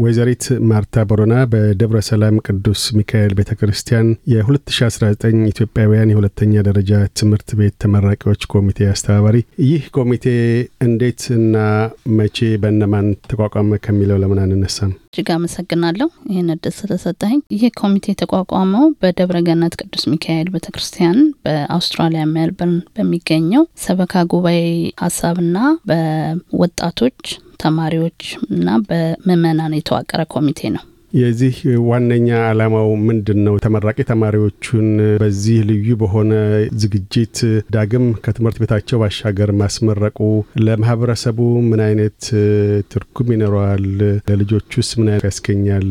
ወይዘሪት ማርታ ቦሮና በደብረ ሰላም ቅዱስ ሚካኤል ቤተ ክርስቲያን የ2019 ኢትዮጵያውያን የሁለተኛ ደረጃ ትምህርት ቤት ተመራቂዎች ኮሚቴ አስተባባሪ። ይህ ኮሚቴ እንዴት እና መቼ በነማን ተቋቋመ ከሚለው ለምን አንነሳም? እጅግ አመሰግናለሁ ይህን እድል ስለሰጠኝ። ይህ ኮሚቴ የተቋቋመው በደብረ ገነት ቅዱስ ሚካኤል ቤተ ክርስቲያን በአውስትራሊያ ሜልበርን በሚገኘው ሰበካ ጉባኤ ሀሳብና በወጣቶች ተማሪዎች እና በምእመናን የተዋቀረ ኮሚቴ ነው። የዚህ ዋነኛ ዓላማው ምንድን ነው? ተመራቂ ተማሪዎቹን በዚህ ልዩ በሆነ ዝግጅት ዳግም ከትምህርት ቤታቸው ባሻገር ማስመረቁ ለማህበረሰቡ ምን አይነት ትርጉም ይኖረዋል? ለልጆቹስ ምን አይነት ያስገኛል?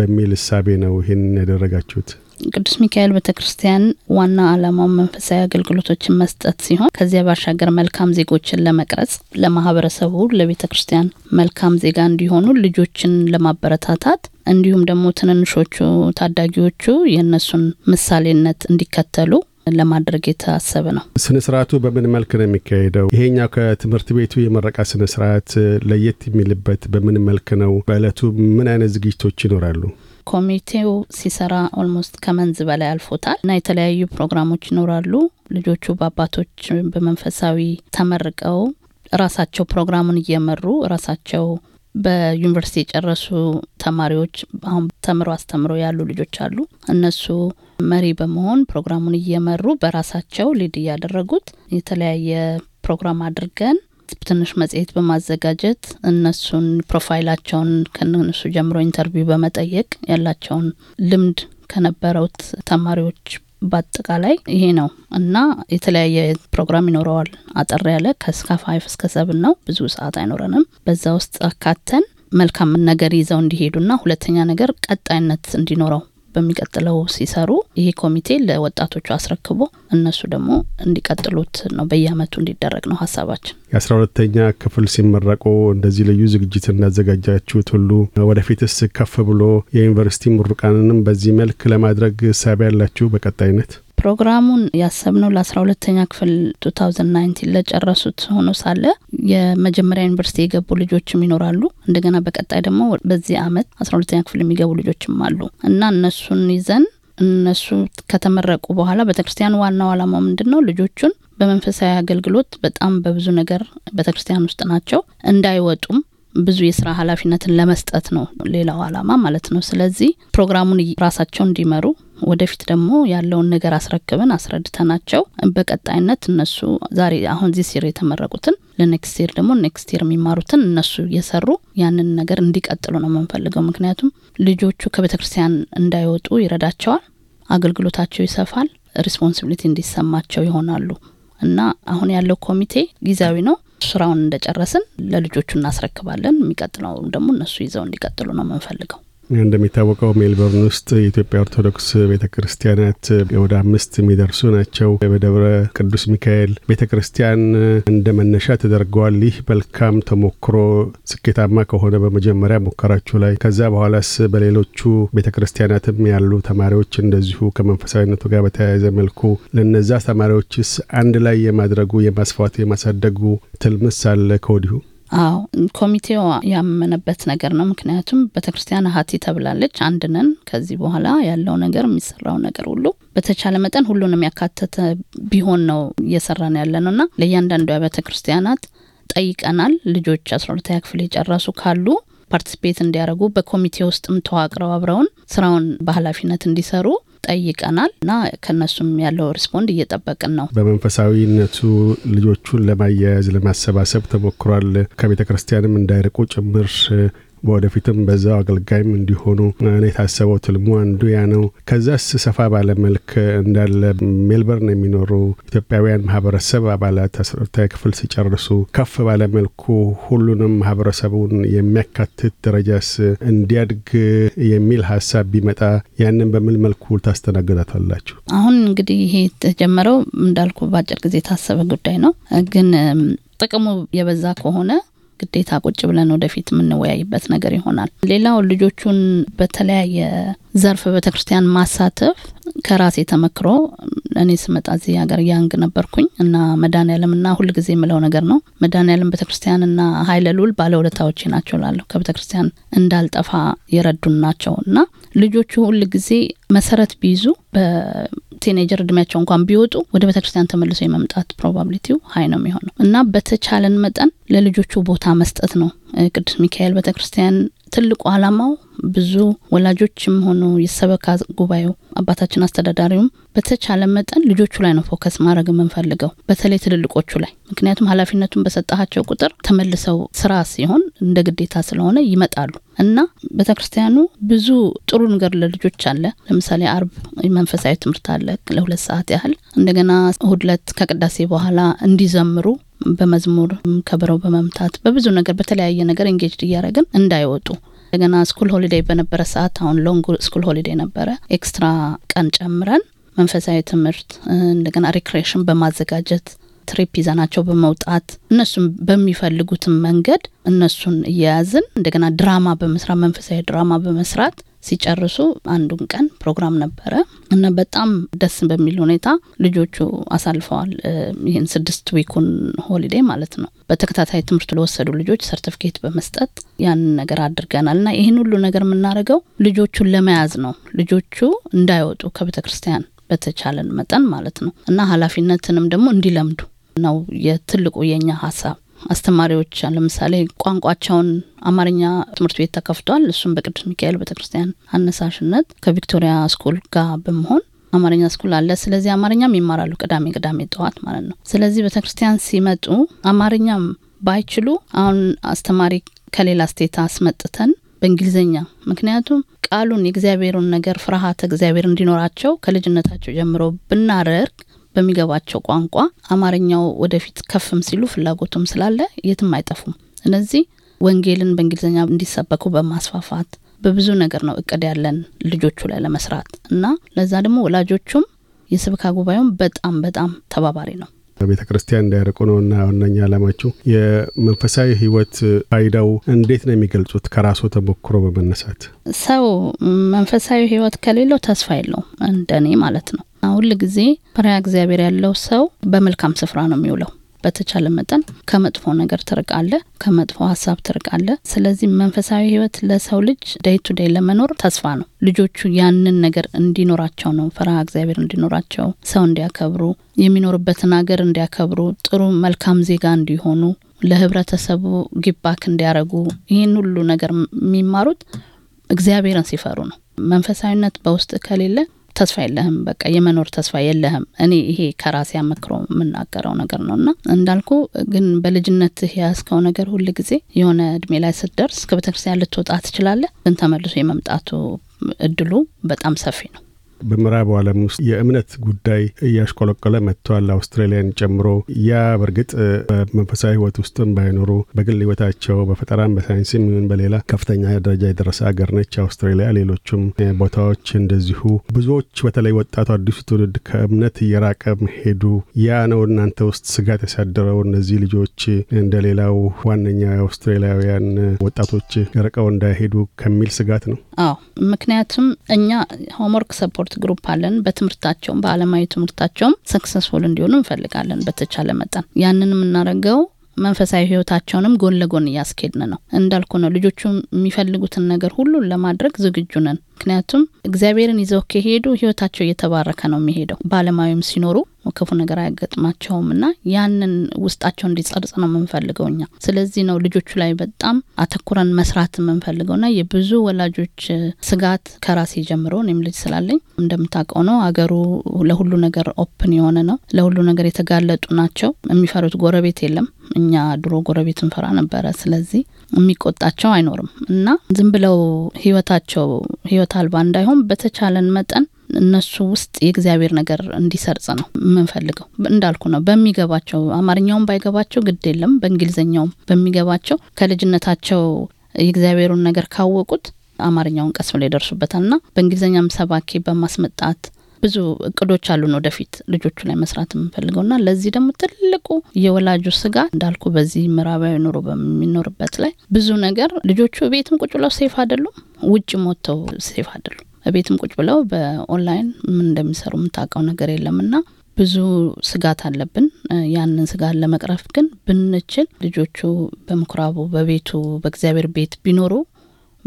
በሚል እሳቤ ነው ይህን ያደረጋችሁት? ቅዱስ ሚካኤል ቤተ ክርስቲያን ዋና ዓላማው መንፈሳዊ አገልግሎቶችን መስጠት ሲሆን ከዚያ ባሻገር መልካም ዜጎችን ለመቅረጽ ለማህበረሰቡ፣ ለቤተ ክርስቲያን መልካም ዜጋ እንዲሆኑ ልጆችን ለማበረታታት እንዲሁም ደግሞ ትንንሾቹ ታዳጊዎቹ የእነሱን ምሳሌነት እንዲከተሉ ለማድረግ የታሰበ ነው። ስነ ስርዓቱ በምን መልክ ነው የሚካሄደው? ይሄኛው ከትምህርት ቤቱ የመረቃ ስነ ስርዓት ለየት የሚልበት በምን መልክ ነው? በእለቱ ምን አይነት ዝግጅቶች ይኖራሉ? ኮሚቴው ሲሰራ ኦልሞስት ከመንዝ በላይ አልፎታል እና የተለያዩ ፕሮግራሞች ይኖራሉ። ልጆቹ በአባቶች በመንፈሳዊ ተመርቀው ራሳቸው ፕሮግራሙን እየመሩ ራሳቸው በዩኒቨርሲቲ የጨረሱ ተማሪዎች አሁን ተምሮ አስተምረው ያሉ ልጆች አሉ። እነሱ መሪ በመሆን ፕሮግራሙን እየመሩ በራሳቸው ሊድ እያደረጉት የተለያየ ፕሮግራም አድርገን ትንሽ መጽሔት በማዘጋጀት እነሱን ፕሮፋይላቸውን ከነሱ ጀምሮ ኢንተርቪው በመጠየቅ ያላቸውን ልምድ ከነበሩት ተማሪዎች በአጠቃላይ ይሄ ነው እና የተለያየ ፕሮግራም ይኖረዋል። አጠር ያለ ከስከ ፋይፍ እስከ ሰብን ነው። ብዙ ሰዓት አይኖረንም። በዛ ውስጥ አካተን መልካምን ነገር ይዘው እንዲሄዱና ሁለተኛ ነገር ቀጣይነት እንዲኖረው በሚቀጥለው ሲሰሩ ይሄ ኮሚቴ ለወጣቶቹ አስረክቦ እነሱ ደግሞ እንዲቀጥሉት ነው በየአመቱ እንዲደረግ ነው ሀሳባችን። የአስራ ሁለተኛ ክፍል ሲመረቁ እንደዚህ ልዩ ዝግጅት እንዳዘጋጃችሁት ሁሉ ወደፊትስ ከፍ ብሎ የዩኒቨርሲቲ ምሩቃንንም በዚህ መልክ ለማድረግ ሳቢያ ያላችሁ በቀጣይነት ፕሮግራሙን ያሰብነው ለአስራ ሁለተኛ ክፍል 2019 ለጨረሱት ሆኖ ሳለ የመጀመሪያ ዩኒቨርሲቲ የገቡ ልጆችም ይኖራሉ። እንደገና በቀጣይ ደግሞ በዚህ አመት አስራ ሁለተኛ ክፍል የሚገቡ ልጆችም አሉ እና እነሱን ይዘን እነሱ ከተመረቁ በኋላ ቤተክርስቲያን ዋናው አላማው ምንድን ነው? ልጆቹን በመንፈሳዊ አገልግሎት በጣም በብዙ ነገር ቤተክርስቲያን ውስጥ ናቸው እንዳይወጡም ብዙ የስራ ኃላፊነትን ለመስጠት ነው ሌላው አላማ ማለት ነው። ስለዚህ ፕሮግራሙን ራሳቸው እንዲመሩ ወደፊት ደግሞ ያለውን ነገር አስረክበን አስረድተናቸው በቀጣይነት እነሱ ዛሬ አሁን ዚስ ሲር የተመረቁትን ለኔክስት ይር ደግሞ ኔክስት ይር የሚማሩትን እነሱ እየሰሩ ያንን ነገር እንዲቀጥሉ ነው የምንፈልገው። ምክንያቱም ልጆቹ ከቤተ ክርስቲያን እንዳይወጡ ይረዳቸዋል፣ አገልግሎታቸው ይሰፋል፣ ሪስፖንሲቢሊቲ እንዲሰማቸው ይሆናሉ። እና አሁን ያለው ኮሚቴ ጊዜያዊ ነው። ስራውን እንደጨረስን ለልጆቹ እናስረክባለን። የሚቀጥለው ደግሞ እነሱ ይዘው እንዲቀጥሉ ነው የምንፈልገው። እንደሚታወቀው ሜልበርን ውስጥ የኢትዮጵያ ኦርቶዶክስ ቤተ ክርስቲያናት ወደ አምስት የሚደርሱ ናቸው። በደብረ ቅዱስ ሚካኤል ቤተ ክርስቲያን እንደ መነሻ ተደርገዋል። ይህ መልካም ተሞክሮ ስኬታማ ከሆነ በመጀመሪያ ሙከራችሁ ላይ፣ ከዛ በኋላስ በሌሎቹ ቤተ ክርስቲያናትም ያሉ ተማሪዎች እንደዚሁ ከመንፈሳዊነቱ ጋር በተያያዘ መልኩ ለነዛ ተማሪዎችስ አንድ ላይ የማድረጉ የማስፋት የማሳደጉ ትልምስ አለ ከወዲሁ? አዎ ኮሚቴው ያመነበት ነገር ነው። ምክንያቱም ቤተክርስቲያን ሀቲ ተብላለች፣ አንድነን ከዚህ በኋላ ያለው ነገር የሚሰራው ነገር ሁሉ በተቻለ መጠን ሁሉንም ያካተተ ቢሆን ነው እየሰራን ያለ ነው እና ለእያንዳንዱ ቤተክርስቲያናት ጠይቀናል። ልጆች አስራ ሁለተኛ ክፍል የጨረሱ ካሉ ፓርቲስፔት እንዲያደርጉ በኮሚቴ ውስጥም ተዋቅረው አብረውን ስራውን በኃላፊነት እንዲሰሩ ጠይቀናል እና ከነሱም ያለው ሪስፖንድ እየጠበቅን ነው። በመንፈሳዊነቱ ልጆቹን ለማያያዝ ለማሰባሰብ ተሞክሯል። ከቤተ ክርስቲያንም እንዳይርቁ ጭምር በወደፊትም በዛው አገልጋይም እንዲሆኑ ነው የታሰበው። ትልሙ አንዱ ያ ነው። ከዛስ ሰፋ ባለ መልክ እንዳለ ሜልበርን የሚኖሩ ኢትዮጵያውያን ማህበረሰብ አባላት አስርታዊ ክፍል ሲጨርሱ ከፍ ባለ መልኩ ሁሉንም ማህበረሰቡን የሚያካትት ደረጃስ እንዲያድግ የሚል ሀሳብ ቢመጣ ያንን በምን መልኩ ታስተናግዳታላችሁ? አሁን እንግዲህ ይሄ የተጀመረው እንዳልኩ በአጭር ጊዜ የታሰበ ጉዳይ ነው ግን ጥቅሙ የበዛ ከሆነ ግዴታ ቁጭ ብለን ወደፊት የምንወያይበት ነገር ይሆናል። ሌላው ልጆቹን በተለያየ ዘርፍ ቤተ ክርስቲያን ማሳተፍ ከራሴ ተመክሮ እኔ ስመጣ እዚህ ሀገር ያንግ ነበርኩኝ እና መድኃኔዓለም እና ሁልጊዜ የምለው ነገር ነው። መድኃኔዓለም ቤተ ክርስቲያን እና ሀይለ ልዑል ባለውለታዎቼ ናቸው ላለሁ ከቤተ ክርስቲያን እንዳልጠፋ የረዱን ናቸው እና ልጆቹ ሁልጊዜ መሰረት ቢይዙ ቲኔጀር እድሜያቸው እንኳን ቢወጡ ወደ ቤተክርስቲያን ተመልሶ የመምጣት ፕሮባብሊቲው ሀይ ነው የሚሆነው እና በተቻለን መጠን ለልጆቹ ቦታ መስጠት ነው። ቅዱስ ሚካኤል ቤተክርስቲያን ትልቁ ዓላማው ብዙ ወላጆችም ሆኑ የሰበካ ጉባኤው አባታችን አስተዳዳሪውም በተቻለ መጠን ልጆቹ ላይ ነው ፎከስ ማድረግ የምንፈልገው፣ በተለይ ትልልቆቹ ላይ። ምክንያቱም ኃላፊነቱን በሰጣቸው ቁጥር ተመልሰው ስራ ሲሆን እንደ ግዴታ ስለሆነ ይመጣሉ እና ቤተ ክርስቲያኑ ብዙ ጥሩ ነገር ለልጆች አለ። ለምሳሌ አርብ መንፈሳዊ ትምህርት አለ ለሁለት ሰዓት ያህል። እንደገና እሁድ ዕለት ከቅዳሴ በኋላ እንዲዘምሩ በመዝሙር ከበረው በመምታት በብዙ ነገር በተለያየ ነገር ኤንጌጅድ እያደረግን እንዳይወጡ እንደገና ስኩል ሆሊዴይ በነበረ ሰዓት አሁን ሎንግ ስኩል ሆሊዴይ ነበረ ኤክስትራ ቀን ጨምረን መንፈሳዊ ትምህርት እንደገና ሪክሬሽን በማዘጋጀት ትሪፕ ይዘናቸው በመውጣት እነሱን በሚፈልጉትን መንገድ እነሱን እየያዝን እንደገና ድራማ በመስራት መንፈሳዊ ድራማ በመስራት ሲጨርሱ አንዱን ቀን ፕሮግራም ነበረ እና በጣም ደስ በሚል ሁኔታ ልጆቹ አሳልፈዋል። ይህን ስድስት ዊኩን ሆሊዴ ማለት ነው። በተከታታይ ትምህርቱ ለወሰዱ ልጆች ሰርቲፊኬት በመስጠት ያንን ነገር አድርገናል እና ይህን ሁሉ ነገር የምናደርገው ልጆቹን ለመያዝ ነው። ልጆቹ እንዳይወጡ ከቤተ ክርስቲያን በተቻለን መጠን ማለት ነው እና ኃላፊነትንም ደግሞ እንዲለምዱ ነው የትልቁ የኛ ሀሳብ አስተማሪዎች ለምሳሌ ቋንቋቸውን አማርኛ ትምህርት ቤት ተከፍቷል። እሱም በቅዱስ ሚካኤል ቤተክርስቲያን አነሳሽነት ከቪክቶሪያ ስኩል ጋር በመሆን አማርኛ ስኩል አለ። ስለዚህ አማርኛም ይማራሉ ቅዳሜ ቅዳሜ ጠዋት ማለት ነው። ስለዚህ ቤተክርስቲያን ሲመጡ አማርኛም ባይችሉ አሁን አስተማሪ ከሌላ ስቴት አስመጥተን በእንግሊዝኛ ምክንያቱም ቃሉን የእግዚአብሔሩን ነገር ፍርሃተ እግዚአብሔር እንዲኖራቸው ከልጅነታቸው ጀምሮ ብናረርግ በሚገባቸው ቋንቋ አማርኛው ወደፊት ከፍም ሲሉ ፍላጎቱም ስላለ የትም አይጠፉም። እነዚህ ወንጌልን በእንግሊዝኛ እንዲሰበኩ በማስፋፋት በብዙ ነገር ነው እቅድ ያለን ልጆቹ ላይ ለመስራት እና ለዛ ደግሞ ወላጆቹም የስብካ ጉባኤውም በጣም በጣም ተባባሪ ነው። ቤተ ክርስቲያን እንዳያርቁ እና ዋነኛ ዓላማችሁ። የመንፈሳዊ ሕይወት ፋይዳው እንዴት ነው የሚገልጹት? ከራሶ ተሞክሮ በመነሳት ሰው መንፈሳዊ ሕይወት ከሌለው ተስፋ የለውም እንደኔ ማለት ነው። ሁል ጊዜ ፈሪሃ እግዚአብሔር ያለው ሰው በመልካም ስፍራ ነው የሚውለው። በተቻለ መጠን ከመጥፎ ነገር ትርቃለ፣ ከመጥፎ ሀሳብ ትርቃለ። ስለዚህ መንፈሳዊ ህይወት ለሰው ልጅ ደይ ቱ ደይ ለመኖር ተስፋ ነው። ልጆቹ ያንን ነገር እንዲኖራቸው ነው፣ ፈሪሃ እግዚአብሔር እንዲኖራቸው፣ ሰው እንዲያከብሩ፣ የሚኖርበትን ሀገር እንዲያከብሩ፣ ጥሩ መልካም ዜጋ እንዲሆኑ፣ ለህብረተሰቡ ጊባክ እንዲያረጉ፣ ይህን ሁሉ ነገር የሚማሩት እግዚአብሔርን ሲፈሩ ነው። መንፈሳዊነት በውስጥ ከሌለ ተስፋ የለህም፣ በቃ የመኖር ተስፋ የለህም። እኔ ይሄ ከራሴ አመክሮ የምናገረው ነገር ነው እና እንዳልኩ ግን በልጅነት የያዝከው ነገር ሁል ጊዜ የሆነ እድሜ ላይ ስትደርስ ከቤተክርስቲያን ልትወጣ ትችላለህ፣ ግን ተመልሶ የመምጣቱ እድሉ በጣም ሰፊ ነው። በምዕራቡ ዓለም ውስጥ የእምነት ጉዳይ እያሽቆለቆለ መጥቷል፣ አውስትራሊያን ጨምሮ። ያ በእርግጥ በመንፈሳዊ ህይወት ውስጥም ባይኖሩ በግል ህይወታቸው በፈጠራም በሳይንስም ይሁን በሌላ ከፍተኛ ደረጃ የደረሰ አገር ነች አውስትራሊያ። ሌሎችም ቦታዎች እንደዚሁ። ብዙዎች በተለይ ወጣቱ አዲሱ ትውልድ ከእምነት እየራቀ መሄዱ ያ ነው እናንተ ውስጥ ስጋት ያሳደረው። እነዚህ ልጆች እንደሌላው ዋነኛ የአውስትራሊያውያን ወጣቶች ርቀው እንዳይሄዱ ከሚል ስጋት ነው። አዎ ምክንያቱም እኛ ሆምወርክ ሰፖርት ሰፖርት ግሩፕ አለን። በትምህርታቸውም በአለማዊ ትምህርታቸውም ሰክሰስፉል እንዲሆኑ እንፈልጋለን። በተቻለ መጠን ያንን የምናደርገው መንፈሳዊ ህይወታቸውንም ጎን ለጎን እያስኬድን ነው። እንዳልኩ ነው ልጆቹ የሚፈልጉትን ነገር ሁሉ ለማድረግ ዝግጁ ነን። ምክንያቱም እግዚአብሔርን ይዘው ከሄዱ ህይወታቸው እየተባረከ ነው የሚሄደው። በአለማዊም ሲኖሩ ክፉ ነገር አያገጥማቸውም እና ያንን ውስጣቸው እንዲጸርጽ ነው የምንፈልገው እኛ። ስለዚህ ነው ልጆቹ ላይ በጣም አተኩረን መስራት የምንፈልገው እና የብዙ ወላጆች ስጋት ከራሴ ጀምሮ እኔም ልጅ ስላለኝ እንደምታውቀው ነው። አገሩ ለሁሉ ነገር ኦፕን የሆነ ነው። ለሁሉ ነገር የተጋለጡ ናቸው። የሚፈሩት ጎረቤት የለም። እኛ ድሮ ጎረቤት እንፈራ ነበረ። ስለዚህ የሚቆጣቸው አይኖርም እና ዝም ብለው ህይወታቸው ህይወት አልባ እንዳይሆን በተቻለን መጠን እነሱ ውስጥ የእግዚአብሔር ነገር እንዲሰርጽ ነው የምንፈልገው። እንዳልኩ ነው በሚገባቸው አማርኛውም ባይገባቸው ግድ የለም በእንግሊዝኛውም በሚገባቸው ከልጅነታቸው የእግዚአብሔሩን ነገር ካወቁት አማርኛውን ቀስ ብሎ ይደርሱበታል እና በእንግሊዝኛም ሰባኬ በማስመጣት ብዙ እቅዶች አሉን ወደፊት ልጆቹ ላይ መስራት የምንፈልገው ና ለዚህ ደግሞ ትልቁ የወላጁ ስጋ እንዳልኩ በዚህ ምዕራባዊ ኑሮ በሚኖርበት ላይ ብዙ ነገር ልጆቹ ቤትም ቁጭ ብለው ሴፍ አይደሉም፣ ውጭ ሞተው ሴፍ አይደሉም። ቤትም ቁጭ ብለው በኦንላይን ምን እንደሚሰሩ የምታውቀው ነገር የለምና ብዙ ስጋት አለብን። ያንን ስጋት ለመቅረፍ ግን ብንችል ልጆቹ በምኩራቡ በቤቱ በእግዚአብሔር ቤት ቢኖሩ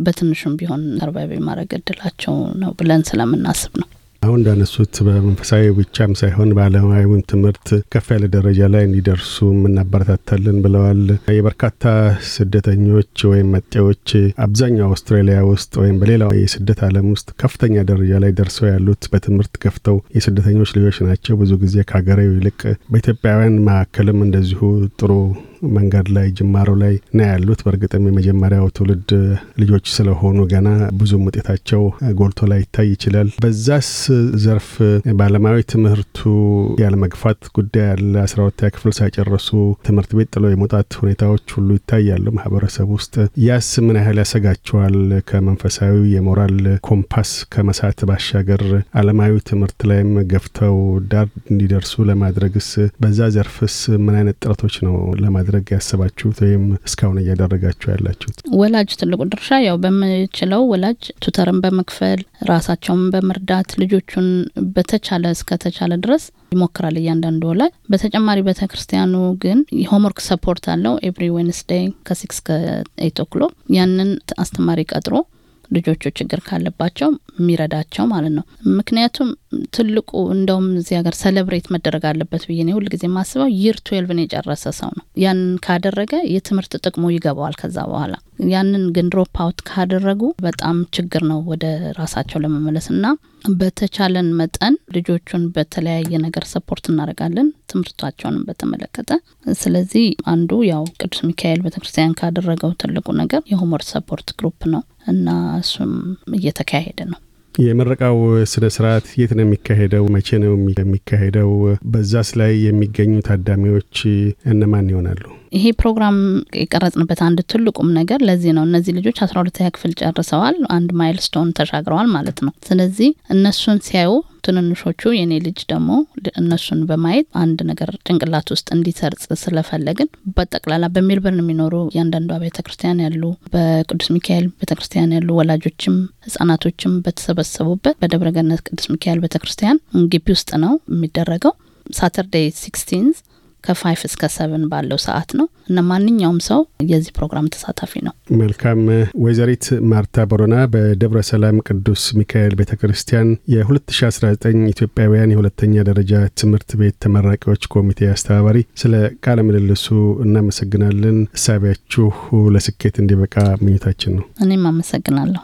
በትንሹም ቢሆን ሰርቫይቭ ማድረግ እድላቸው ነው ብለን ስለምናስብ ነው። አሁን እንዳነሱት በመንፈሳዊ ብቻም ሳይሆን በዓለማዊም ትምህርት ከፍ ያለ ደረጃ ላይ እንዲደርሱ እናበረታታለን ብለዋል። የበርካታ ስደተኞች ወይም መጤዎች አብዛኛው አውስትራሊያ ውስጥ ወይም በሌላው የስደት ዓለም ውስጥ ከፍተኛ ደረጃ ላይ ደርሰው ያሉት በትምህርት ከፍተው የስደተኞች ልጆች ናቸው። ብዙ ጊዜ ከሀገሬው ይልቅ በኢትዮጵያውያን መካከልም እንደዚሁ ጥሩ መንገድ ላይ ጅማሮ ላይ ና ያሉት። በእርግጥም የመጀመሪያው ትውልድ ልጆች ስለሆኑ ገና ብዙም ውጤታቸው ጎልቶ ላይ ይታይ ይችላል። በዛስ ዘርፍ በአለማዊ ትምህርቱ ያለመግፋት ጉዳይ ያለ አስራ ክፍል ሳይጨርሱ ትምህርት ቤት ጥለው የመውጣት ሁኔታዎች ሁሉ ይታያሉ ማህበረሰብ ውስጥ። ያስ ምን ያህል ያሰጋቸዋል? ከመንፈሳዊ የሞራል ኮምፓስ ከመሳት ባሻገር አለማዊ ትምህርት ላይም ገፍተው ዳር እንዲደርሱ ለማድረግስ በዛ ዘርፍስ ምን አይነት ጥረቶች ነው ለማድረግ ለማድረግ ያስባችሁት ወይም እስካሁን እያደረጋችሁ ያላችሁት? ወላጅ ትልቁ ድርሻ ያው በምችለው ወላጅ ቱተርን በመክፈል ራሳቸውን በመርዳት ልጆቹን በተቻለ እስከተቻለ ድረስ ይሞክራል እያንዳንዱ ወላጅ። በተጨማሪ ቤተ ክርስቲያኑ ግን የሆምወርክ ሰፖርት አለው ኤቭሪ ዌንስዴይ ከሲክስ ከኤይት ኦክሎክ ያንን አስተማሪ ቀጥሮ ልጆቹ ችግር ካለባቸው የሚረዳቸው ማለት ነው። ምክንያቱም ትልቁ እንደውም እዚህ ሀገር ሰለብሬት መደረግ አለበት ብዬ ሁል ጊዜ ማስበው ይር ትዌልቭን የጨረሰ ሰው ነው። ያንን ካደረገ የትምህርት ጥቅሙ ይገባዋል። ከዛ በኋላ ያንን ግን ድሮፕ አውት ካደረጉ በጣም ችግር ነው ወደ ራሳቸው ለመመለስ እና በተቻለን መጠን ልጆቹን በተለያየ ነገር ሰፖርት እናደርጋለን ትምህርታቸውንም በተመለከተ። ስለዚህ አንዱ ያው ቅዱስ ሚካኤል ቤተክርስቲያን ካደረገው ትልቁ ነገር የሆምወርክ ሰፖርት ግሩፕ ነው። እና እሱም እየተካሄደ ነው። የምረቃው ስነ ስርዓት የት ነው የሚካሄደው? መቼ ነው የሚካሄደው? በዛስ ላይ የሚገኙ ታዳሚዎች እነማን ይሆናሉ? ይሄ ፕሮግራም የቀረጽንበት አንድ ትልቁም ነገር ለዚህ ነው። እነዚህ ልጆች አስራ ሁለተኛ ክፍል ጨርሰዋል። አንድ ማይልስቶን ተሻግረዋል ማለት ነው። ስለዚህ እነሱን ሲያዩ ትንንሾቹ የኔ ልጅ ደግሞ እነሱን በማየት አንድ ነገር ጭንቅላት ውስጥ እንዲሰርጽ ስለፈለግን በጠቅላላ በሜልበርን የሚኖሩ እያንዳንዷ ቤተ ክርስቲያን ያሉ በቅዱስ ሚካኤል ቤተ ክርስቲያን ያሉ ወላጆችም ህጻናቶችም በተሰበሰቡበት በደብረገነት ቅዱስ ሚካኤል ቤተ ክርስቲያን ግቢ ውስጥ ነው የሚደረገው። ሳተርዴይ ሲክስቲንዝ ከፋይፍ እስከ ሰብን ባለው ሰዓት ነው እና ማንኛውም ሰው የዚህ ፕሮግራም ተሳታፊ ነው። መልካም። ወይዘሪት ማርታ ቦሮና በደብረ ሰላም ቅዱስ ሚካኤል ቤተ ክርስቲያን የ2019 ኢትዮጵያውያን የሁለተኛ ደረጃ ትምህርት ቤት ተመራቂዎች ኮሚቴ አስተባባሪ፣ ስለ ቃለ ምልልሱ እናመሰግናለን። እሳቢያችሁ ለስኬት እንዲበቃ ምኞታችን ነው። እኔም አመሰግናለሁ።